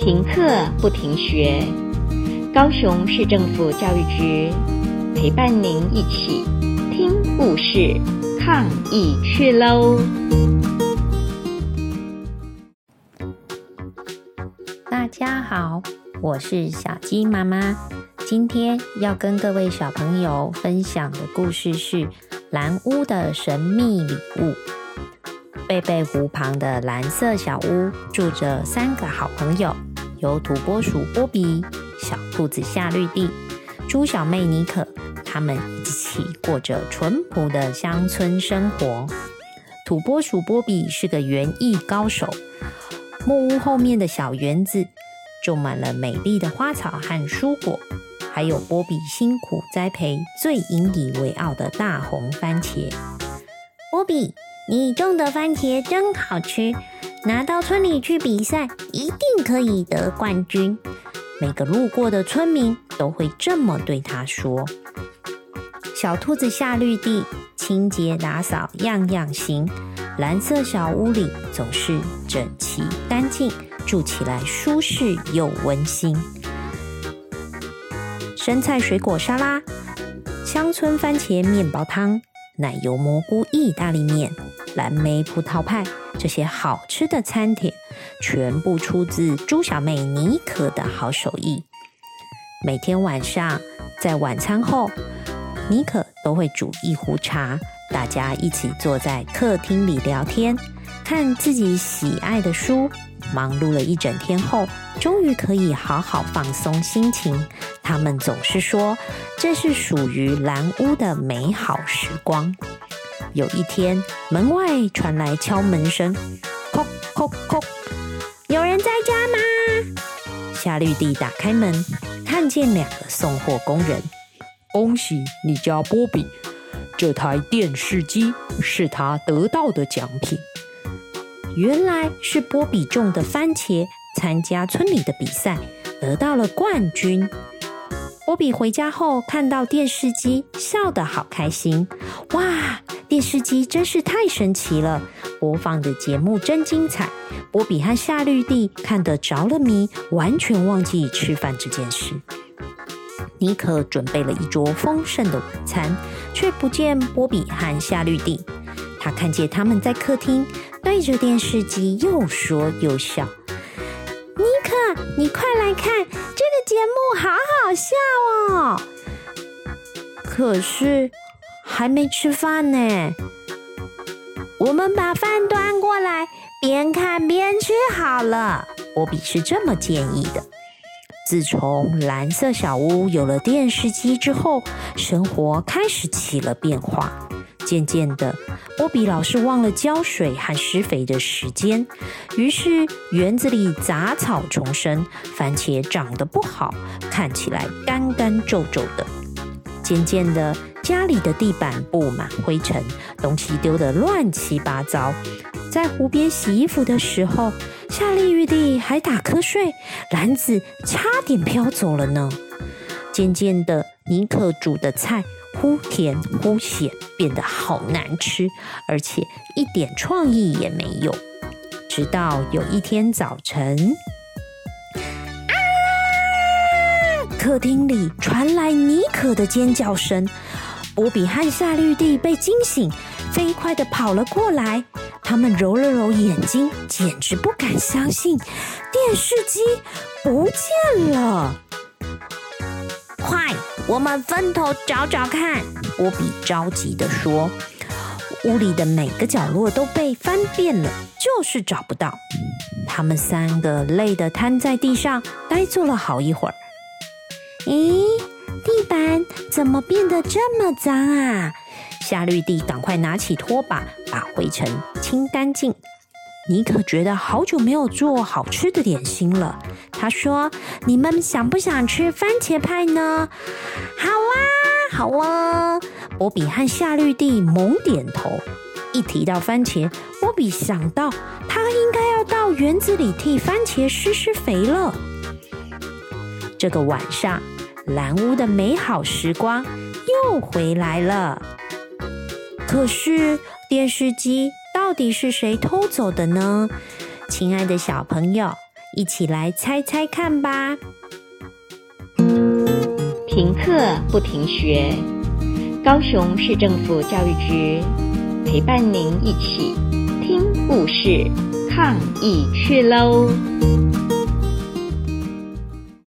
停課不停學，高雄市政府教育局陪伴您一起聽故事、抗疫趣嘍！大家好，我是小雞媽媽，今天要跟各位小朋友分享的故事是《藍屋的神秘禮物》。貝貝湖旁的藍色小屋住着三個好朋友。有土撥鼠波比、小兔子夏綠蒂、豬小妹妮可，他們一起過着淳樸的鄉村生活。土撥鼠波比是個園藝高手，木屋後面的小園子種滿了美麗的花草和蔬果，還有波比辛苦栽培最引以為傲的大紅番茄。波比，你種的番茄真好吃。拿到村裡去比賽，一定可以得冠軍。每個路過的村民都會這麼對他說：“小兔子下綠地，清潔打掃樣樣行。藍色小屋裡總是整齊乾淨，住起來舒適又溫馨。生菜水果沙拉，鄉村番茄麵包湯，奶油蘑菇意大利麵。”藍莓葡萄派，這些好吃的餐點全部出自豬小妹妮可的好手藝。每天晚上在晚餐後，妮可都會煮一壺茶，大家一起坐在客廳裡聊天，看自己喜愛的書。忙碌了一整天後，終於可以好好放鬆心情。他們總是說，這是屬於藍屋的美好時光。有一天，門外傳來敲門聲叩叩叩，有人在家嗎？夏綠蒂打開門，看見兩個送貨工人。恭喜你家波比，這台電視機是他得到的獎品。原來是波比種的番茄，參加村裡的比賽，得到了冠軍。波比回家後看到電視機，笑得好開心。哇！電視機真是太神奇了，播放的節目真精彩。波比和夏綠蒂看得着了迷，完全忘記吃飯這件事。妮可準備了一桌豐盛的晚餐，卻不見波比和夏綠蒂。他看見他們在客廳對着電視機又說又笑。妮可，你快來看，這個節目好好笑哦！可是。還沒吃飯呢，我們把飯端過來，邊看邊吃好了。波比是這麼建議的。自從藍色小屋有了電視機之後，生活開始起了變化。漸漸的，波比老是忘了澆水和施肥的時間，於是園子裡雜草叢生，番茄長得不好，看起來乾乾皺皺的。漸漸的。家裡的地板布滿灰塵，東西丟得亂七八糟。在湖邊洗衣服的時候，夏利玉帝還打瞌睡，籃子差點飄走了呢。漸漸的，尼克煮的菜忽甜忽鹹，變得好難吃，而且一點創意也沒有。直到有一天早晨，啊！客廳裡傳來尼克的尖叫聲。波比和夏綠蒂被驚醒，飛快地跑了過來。他們揉了揉眼睛，簡直不敢相信，電視機不見了！快，我們分頭找找看！波比着急的說。屋裡的每個角落都被翻遍了，就是找不到。嗯，他們三個累得癱在地上，呆坐了好一會兒。咦，嗯，地板？怎麼變得這麼髒啊？夏綠蒂，趕快拿起拖把，把灰塵清乾淨。妮可覺得好久沒有做好吃的點心了。他說：“你們想不想吃番茄派呢？”好啊，好啊！波比和夏綠蒂猛點頭。一提到番茄，波比想到他應該要到園子裡替番茄施施肥了。這個晚上。藍屋的美好時光又回來了，可是電視機到底是誰偷走的呢？親愛的小朋友，一起來猜猜看吧！停課不停學，高雄市政府教育局陪伴您一起聽故事、抗疫趣嘍。